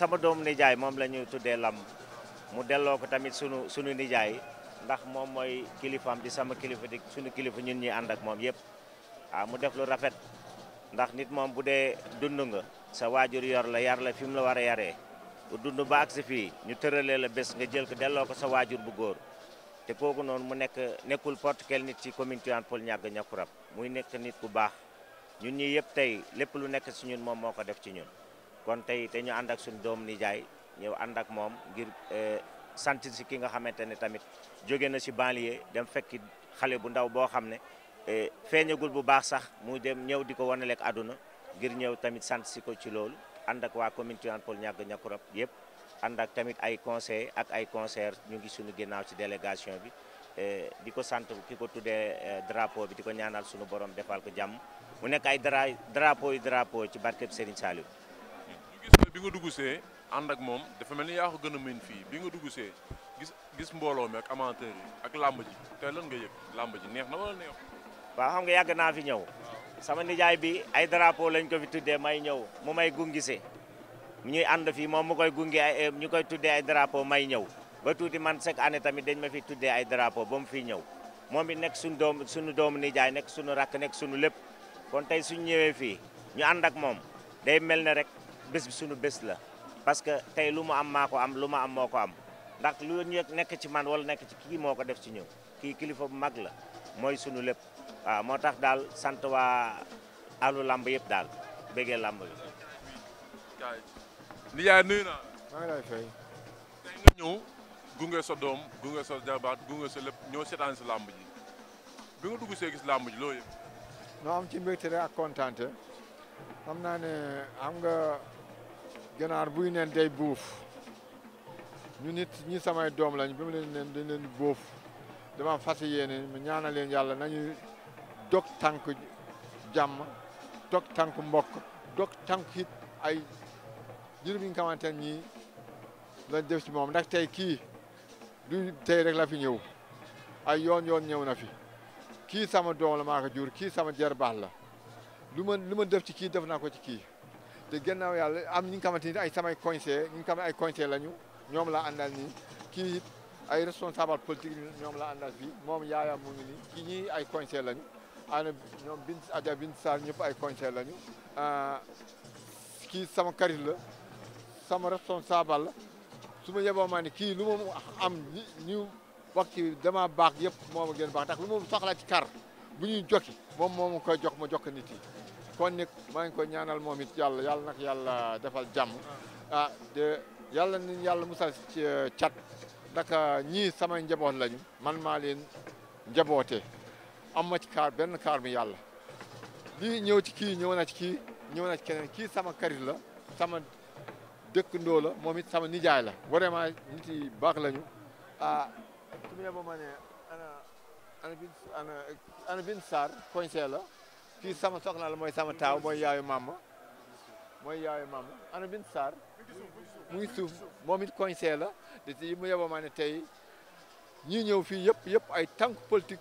sama dom nijaay jai, la ñu tuddee mu delloo ko tamit sunu sunu nijaay ndax mom moy kilifam di sama kilifa di sunu kilifa ñun ñi and ak yep. yépp ah mu def lu rafet ndax nit mom budé dundu nga sa wajur yor la yar la fim la wara yaré du dundu ba ak fi ñu teurele la bes nga jël ko dello ko sa wajur bu goor té koku non mu nekk nekkul quel nit ci commune Tivaouane Peulh ñàgg ñakkurab muy nekk nit ku baax ñun ñi yépp tay lepp lu nekk ci ñun mom moko def ci ñun kon tey te ñu ànd ak suñu doom nijaay ñëw ànd ak moom ngir eh, sant si ki nga xamante ne tamit jóge na si banlieue dem fekki xale bu ndaw boo xam ne eh, feeñagul bu baax sax mu dem ñëw di ko wanaleeg àdduna ngir ñëw tamit sant si ko ci loolu ànd ak waa commune Tivaouane Peulh ñàgg ñakurab yëpp ànd ak tamit ay conseil ak ay concert ñu ngi suñu ginnaaw ci délégation bi eh, di ko sant ki ko tuddee drapeau bi di ko ñaanal sunu borom defal ko jàmm mu nekk ay dra drapeau yi drapeau ci barkeb Serigne bi nga dugg see ànd moom dafa mel ni yaa ko gën a mën fii bi nga dugg see gis gis mbooloo mi ak amateur ak làmb ji tey lan nga yëg làmb ji neex na wala neex. waa xam nga yàgg naa fi ñëw. sama nijaay bi ay drapeau lañ ko fi tuddee may ñëw mu may gungisee ñuy ànd fii moom mu koy gunge ñu koy tuddee ay drapeau may ñëw ba tuuti man chaque année tamit dañ ma fi tuddee ay drapeau ba mu fiy ñëw moom it nekk suñu doom suñu doomu nijaay nekk suñu rakk nekk suñu lépp kon tey suñu ñëwee fii ñu ànd ak moom day mel ne rek bés bi suñu bés la parce que tey lu mu am maa ko am lu ma am moo ko am ndax lu nekk ci man wala nekk ci kii moo ko def ci ñëw kii kilifa bu mag la mooy sunu lépp waaw moo tax daal sant wa alu làmb yëpp daal bëggee làmb bi. nijaay nuyu naa. maa ngi lay tey nga ñëw gunge sa doom gunge so jabaat gunge sa lépp ñëw seetaan si làmb ji bi nga dugg see gis làmb ji loo yëg. noo am ci mbégte rek ak kontaante xam naa am nga. ganaar buy nen day buuf ñu nit ñi sama doom lañ ba mu leen nen dañ leen buuf dama fas yéene mu ñaanal leen yàlla nañu dog tànk jàmm dog tànk mbokk dog tànk it ay jur bi nga xamante ne ñii lañ def ci moom ndax tey kii du tey rek la fi ñëw ay yoon yoon ñëw na fi kii sama doom la maa ko jur kii sama jeer baax la lu ma ma def ci kii def naa ko ci kii te gannaaw yàlla am ñi nga xamante ni ay samay conseillers ñi nga xam ne ay conseillers lañu ñoom laa àndal nii kii it ay responsable politique ñoom la àndal fii moom yaayam mu ngi nii kii ñii ay conseillers lañu ana ñoom bin Adja bin Sarr ñëpp ay conseillers lañu ah, kii sama karit la sama responsable la su ma yeboo maa ne kii lu ma am ñu wax ci dama baax yëpp moo ma gën baax ndax lu ma soxlaa ci kar bu ñuy jokki moom moo ma koy jox ma jokk nit kon maa ngi ko ñaanal moom it yàlla yàlla nag yàlla defal jàmm ah de yàlla nañ yàlla musal ci euh, cat ndaka euh, ñii samay njaboot lañu man maa leen njabootee am ma ci kaar benn kaar mi yàlla lii ñëw ci kii ñëw na ci kii ñëw na keneen kii sama karit la sama dëkkandoo la moom it sama nijaay la vraiment nit yi baax lañu ah su ma ne ana ana bin ana bin la fii sama soxna la mooy sama taaw mooy yaayu mama mooy yaayu mama ana bint mu ngi suuf moom it conseil la di ci mu yeboo ma ne tey ñii ñëw fii yëpp yëpp ay tànk politik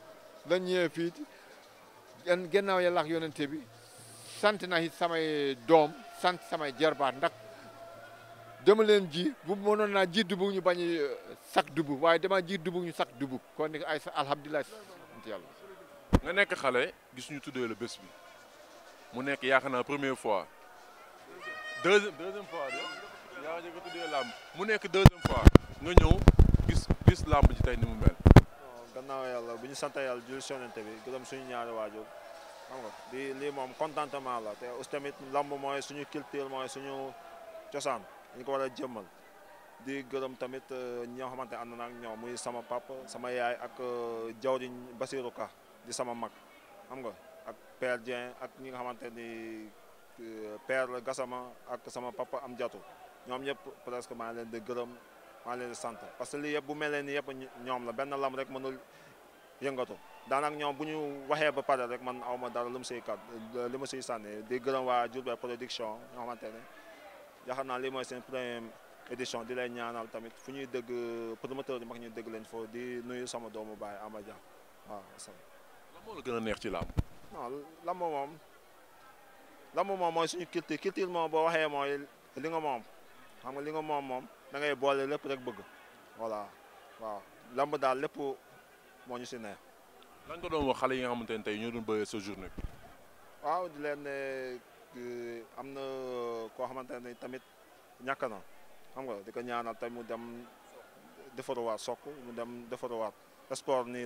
lañ ñëwee fii gannaaw yàlla ak bi sant na it samay doom sant samay jarbaat ndax dama leen ji bu mënoon naa ji dugub ñu bañ sak euh, sakk waaye dama jii dugub ñu sakk dugub kon nag ay alhamdulilah sant yàlla nga nekk xale gis ñu tuddee la bés bi mu nekk yaakaar naa première fois deuxième deuxième fois de yaa ngi ko tuddee làmb mu nekk deuxième fois nga ñëw gis gis làmb ji tey ni mu mel. gannaaw yàlla bu ñu sant yàlla jël sonante bi gërëm suñu ñaari waajur xam nga di lii moom contentement la te aussi tamit lamb mooy suñu culture mooy suñu cosaan dañ ko war a jëmmal di gërëm tamit euh, ñi nga xamante ànd na ak ñoom muy sama papa sama yaay ak euh, jawriñ Basirou Ka di sama mag am nga ak père Dieng ak ñi nga xamante ni euh, père Gassama ak sama papa am jatu ñoom ñëpp presque maa leen di gërëm maa leen di sant parce que li yëpp bu mel leen ni yëpp ñoom la benn lam rek mënul yëngatu daanaka ñoom bu ñu waxee ba pare rek man aw ma dara lu mu siy kat li ma siy sànni di gërëm waa Diourbel production ñoo xamante ne yaakaar naa lii mooy seen première édition di lay ñaanal tamit fu ñuy dégg promoteur yi mag ñu dégg leen foofu di nuyu sama doomu baay Amadia waaw. moo la gën a neex ci làmb. non làmb moom làmb moom mooy suñu culture culture moom boo waxee mooy li nga moom xam nga li nga moom moom da ngay boole lépp rek bëgg voilà waaw làmb daal lépp moo ñu si lan nga doon wax xale yi nga xamante ne tey doon sa journée bi. waaw di leen ne na koo xamante ne di ko ñaanal tey mu dem defaruwaat sokk mu dem defaruwaat sport nii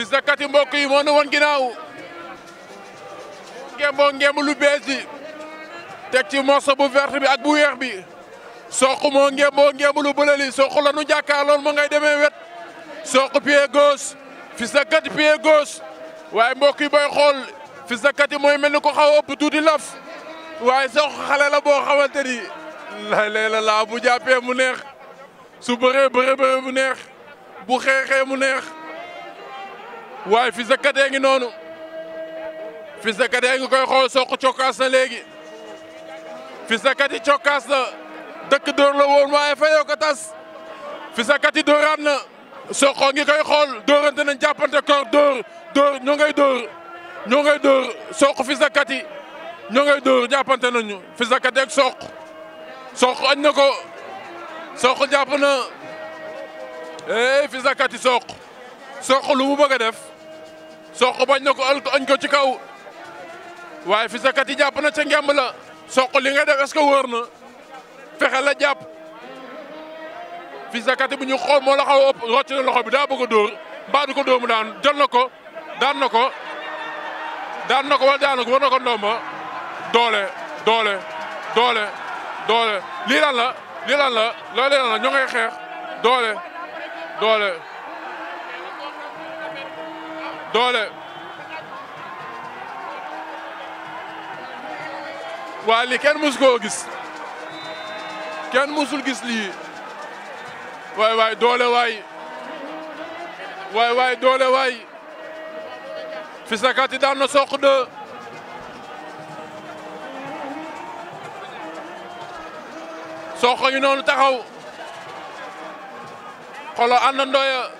Fils de Katy mbokk yi moo ne woon ginnaaw ngemboo ngemb lu bees vert et ci morceau bu vert bi ak bu bi la nu jàkkaarloon mu ngay demee wet pied gauche Fils de Katy pied gauche waaye mbokk yi Fils de mel ko xaw a ëpp tuuti laf waaye la la bu mu neex oui, Fils de Katy ngi Fils de Katy ngi koy xool Sokh cokkaas na Fils de Katy cokkaas na dëkk dóor la woon waaye Fils de Katy dóoraam na ngi koy xool dóorante nañ Fils de Katy nañu Fils de Katy Il Sokh Sokh eh Fils de soq lu mu bëgg a def soq bañ na ko ël ko añ ko ci kaw waaye fi sa yi jàpp na ci ngemb la soq li nga def est-ce que wóor na fexe la jàpp fi sa bu ñu xool moo la xaw a ëpp rocc na loxo bi daa bëgg a dóor mbaa ko dóor mu daan jël na ko daan na ko daan na ko wala daan na ko war na ko ndomba doole doole doole doole lii lan la lii lan la loolu lii lan la ñoo ngay xeex doole doole دوله واللي كان موسكوغس كان موسكوغس لي واي واي دوله واي واي واي دوله واي في سكاتي دارنا سوق دو سوق ينون تاخو قالوا انا نويه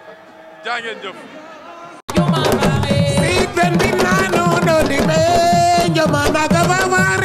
jaa ngeen jëf. si benn bi naanu doon di bee njëma na